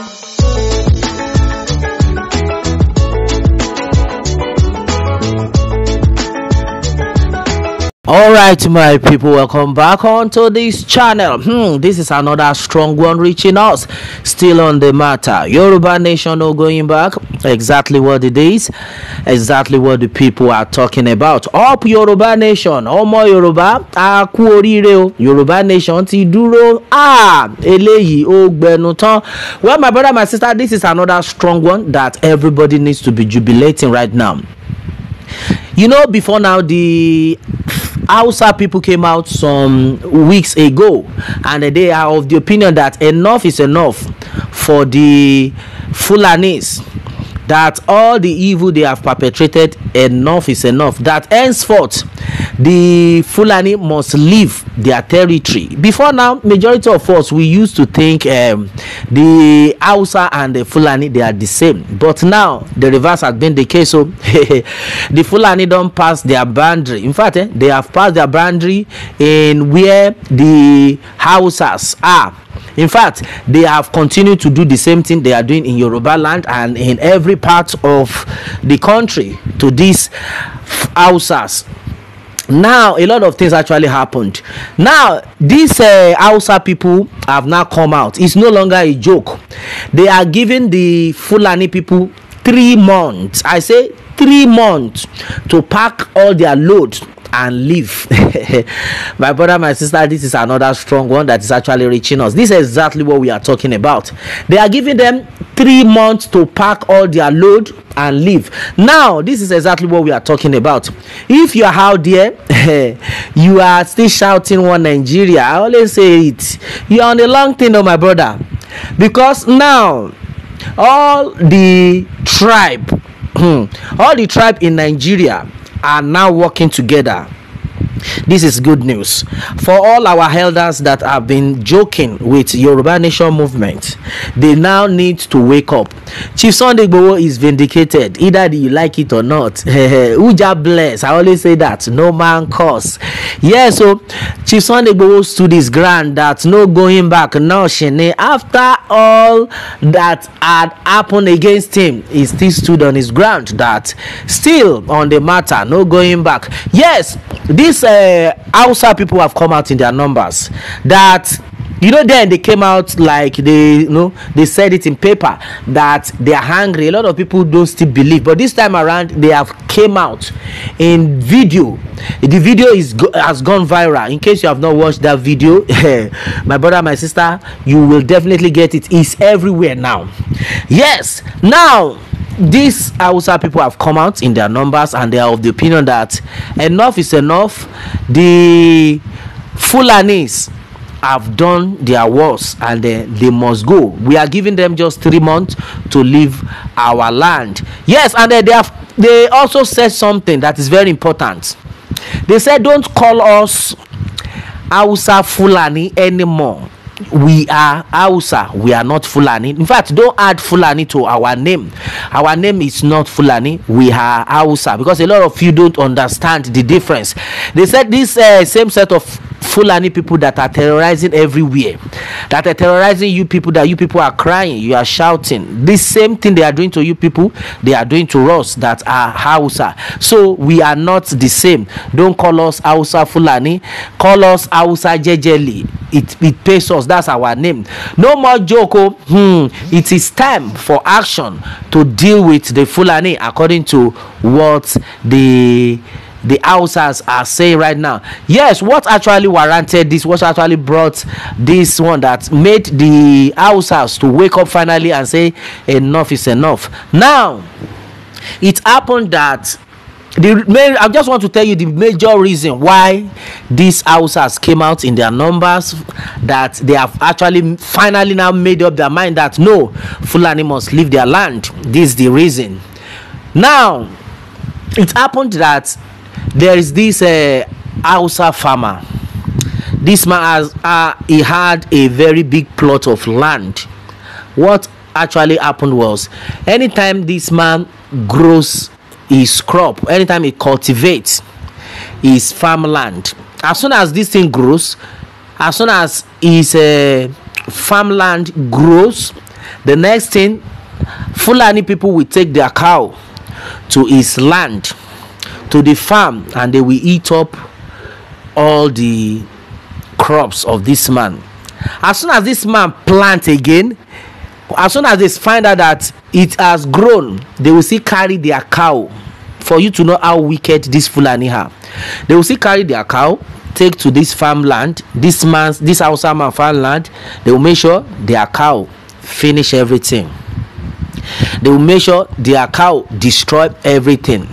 Thank you. all right my people welcome back onto this channel hmm, this is another strong one reaching us still on the matter yoruba nation no going back exactly what it is exactly what the people are talking about up yoruba nation ọmọ yoruba aku kú oríire yoruba nation ti duro ah eléyìí ó gbẹnu well my brother my sister this is another strong one that everybody needs to be jubilating right now you know before now the Hausa people came out some weeks ago and they are of the opinion that enough is enough for the Fulanis that all the evil they have perpetrated enough is enough that henceforth the fulani must leave their territory before now majority of us we used to think um, the hausa and the fulani they are the same but now the reverse has been the case oh. so the fulani don pass their boundary in fact eh, they have passed their boundary in where the hausas are in fact they have continued to do the same thing they are doing in yoruba land and in every part of the country to these hausas now a lot of things actually happened now these uh, hausa people have now come out it's no longer a joke they are giving the fulani people three months i say three months to pack all their loads and leave my brother my sister this is another strong one that is actually reaching us this is exactly what we are talking about they are giving them three months to pack all their load and leave now this is exactly what we are talking about if you are out there you are still shouting one nigeria i always say it you are on a long thing though my brother because now all the tribe all the tribe in nigeria are now working together this is good news for all our elders that have been joking with Yoruba Nation movement. They now need to wake up. Chief Sunday Igboho is vindicated, either you like it or not. Uja bless. I always say that no man curse. Yeah, so Chief Sunday Igboho stood his ground that no going back, no shene. After all that had happened against him, he still stood on his ground that still on the matter, no going back. Yes, this uh, Hausa people have come out in their numbers that you know then they came out like they you know they said it in paper that they are hungry a lot of people don't still believe but this time around they have came out in video the video is has gone viral in case you have not watched that video my brother my sister you will definitely get it it's everywhere now yes now these Hausa people have come out in their numbers and they are of the opinion that enough is enough. The Fulanis have done their worst and uh, they must go. We are giving them just three months to leave our land. Yes, and uh, they have they also said something that is very important. They said, Don't call us Hausa Fulani anymore we are Hausa, we are not Fulani. In fact, don't add Fulani to our name. Our name is not Fulani, we are Hausa because a lot of you don't understand the difference. They said this uh, same set of Fulani people that are terrorizing everywhere, that are terrorizing you people, that you people are crying, you are shouting. This same thing they are doing to you people, they are doing to us that are Hausa. So we are not the same. Don't call us Hausa Fulani, call us Hausa Jejeli it, it pays us. That's our name. No more joke. Oh. Hmm. It is time for action to deal with the Fulani according to what the the houses are saying right now yes what actually warranted this what actually brought this one that made the houses to wake up finally and say enough is enough now it happened that the main i just want to tell you the major reason why these houses came out in their numbers that they have actually finally now made up their mind that no fulani must leave their land this is the reason now it happened that there is this uh, Hausa farmer this man has uh, he had a very big plot of land what actually happened was anytime this man grows his crop anytime he cultivates his farmland as soon as this thing grows as soon as his uh, farmland grows the next thing fulani people will take their cow to his land to the farm and they will eat up all the crops of this man as soon as this man plant again as soon as they find out that it has grown they will still carry their cow for you to know how wicked this fulani are they will still carry their cow take to this farmland this man's this hausa man farmland they will make sure their cow finish everything they will make sure their cow destroy everything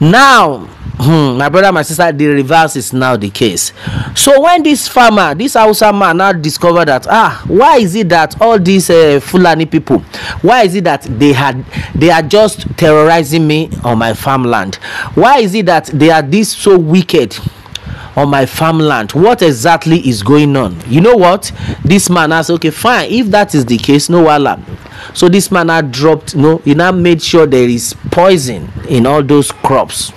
now Hmm, my brother, my sister, the reverse is now the case. So when this farmer, this Hausa man, now discovered that ah, why is it that all these uh, Fulani people, why is it that they had they are just terrorizing me on my farmland? Why is it that they are this so wicked? on my farmland what exactly is going on you know what this man has okay fine if that is the case no wala so this man had dropped no he now made sure there is poison in all those crops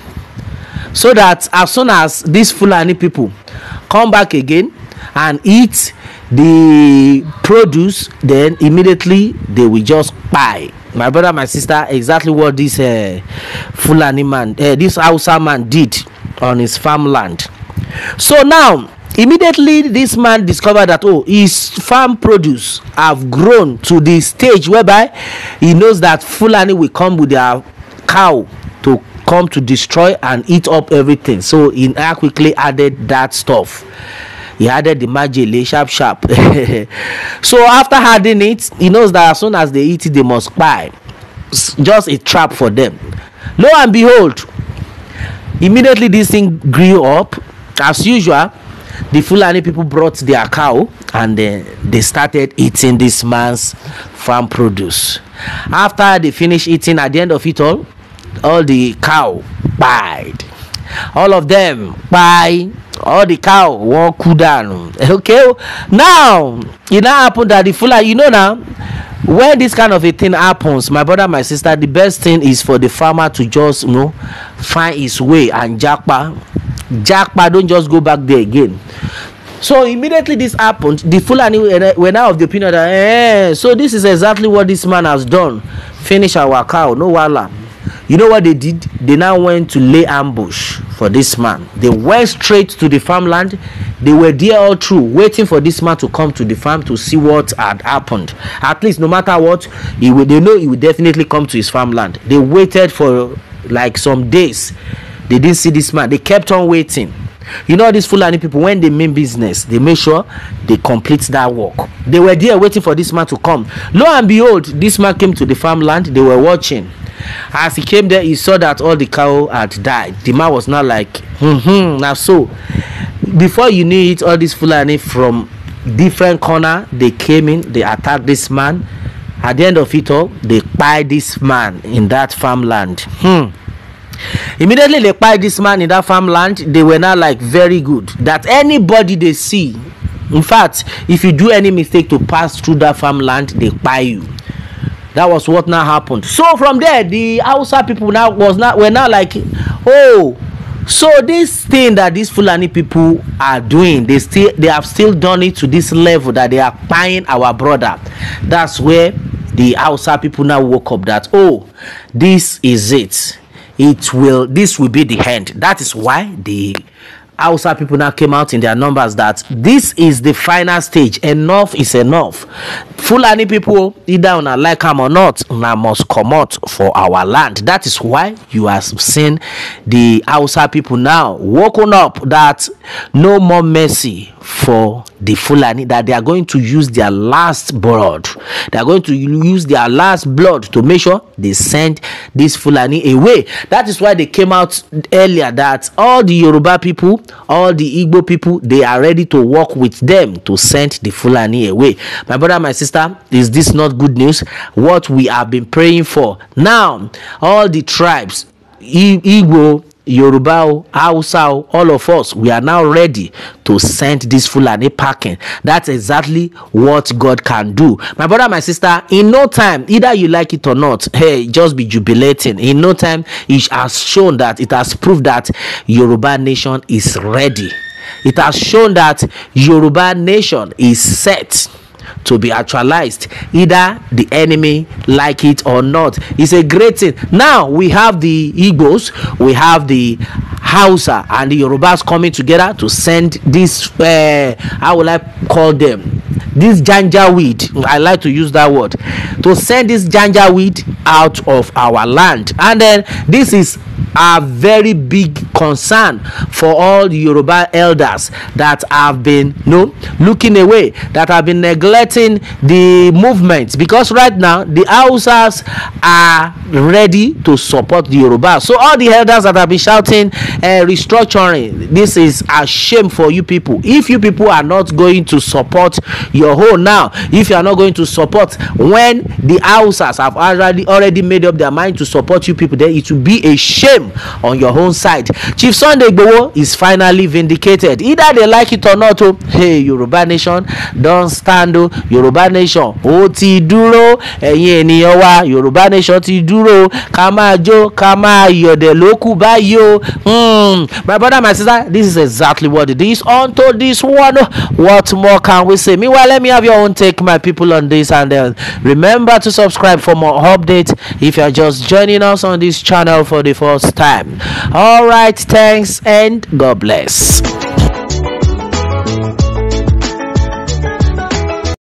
so that as soon as these fulani people come back again and eat the produce then immediately they will just kpai my brother my sister exactly what this uh, fulani man uh, this hausa man did on his farmland so now immediately this man discovered that oh his farm produce have grown to the stage whereby he knows that fulani will come with their cow to come to destroy and eat up everything so Ina quickly added that stuff he added the magic, sharp sharp so after adding it he knows that as soon as they eat it they must buy it's just a trap for them lo and behold immediately this thing grew up as usual the fulani people brought their cow and they started eating this man's farm produce after they finished eating at the end of it all all the cow pied all of them pie all the cow wọn kú dànù okay now e now happen that the fulani you know now, when this kind of a thing happens my brother my sister the best thing is for the farmer to just you know find his way and japa japa don just go back there again so immediately this happened the fulani eh, eh, were now of the opinion that eh, eh so this is exactly what this man has done finish our cow no wahala You know what they did? They now went to lay ambush for this man. They went straight to the farmland. They were there all through, waiting for this man to come to the farm to see what had happened. At least, no matter what, he would they know he would definitely come to his farmland. They waited for like some days. They didn't see this man. They kept on waiting. You know, these Fulani people, when they mean business, they make sure they complete that work. They were there waiting for this man to come. Lo and behold, this man came to the farmland. They were watching. as he came there he saw that all the cow had died the man was not like mm-hmm, na so before you knew it all these fulani from different corner they came in they attacked this man at the end of it all they kpai this man in that farmland hmm. immediately they kpai this man in that farmland they were now like very good that anybody they see in fact if you do any mistake to pass through that farmland they kpai you That was what now happened. So from there, the outside people now was not were now like, oh, so this thing that these Fulani people are doing, they still they have still done it to this level that they are buying our brother. That's where the outside people now woke up that oh, this is it. It will this will be the end. That is why the Hausa people now came out in their numbers that this is the final stage. Enough is enough. Fulani people, either una like am or not, una must come out for our land. That is why you have seen the Hausa people now woken up that no more mercy for the Fulani that they are going to use their last blood. They are going to use their last blood to make sure they send this Fulani away. That is why they came out earlier that all the Yoruba people, all the Igbo people, they are ready to work with them to send the Fulani away. My brother, my sister, is this not good news? What we have been praying for. Now, all the tribes, Igbo, Yoruba o Hausa o all of us we are now ready to send this Fulani packing that's exactly what God can do my brother my sister in no time either you like it or not hey just be jubilating in no time it has shown that it has proved that Yoruba nation is ready it has shown that Yoruba nation is set to be actualized either the enemy like it or not it's a great thing now we have the igbos we have the hausa and the yorubas coming together to send this uh, how will i call them this weed. i like to use that word to send this weed out of our land and then this is are very big concern for all the Yoruba elders that have been you no know, looking away, that have been neglecting the movement because right now the Hausas are ready to support the Yoruba. So all the elders that have been shouting uh, restructuring, this is a shame for you people. If you people are not going to support your whole now, if you are not going to support when the Hausas have already already made up their mind to support you people, then it will be a shame them on your own side Chief Sunday Igboho is finally vindicated either they like it or not o oh, hey Yoruba nation don't stand o oh. Yoruba nation ó ti dúró ẹ̀yin ènìyàn wa Yoruba nation ti dúró ká máa jó ká máa yọ̀dẹ̀ lókù báyìí o oh. hmm my brother my sister this is exactly what it is On to this one what more can we say meanwhile let me have your own take my people on this and uh, remember to subscribe for more updates if you're just joining us on this channel for the first time. All right, thanks and God bless.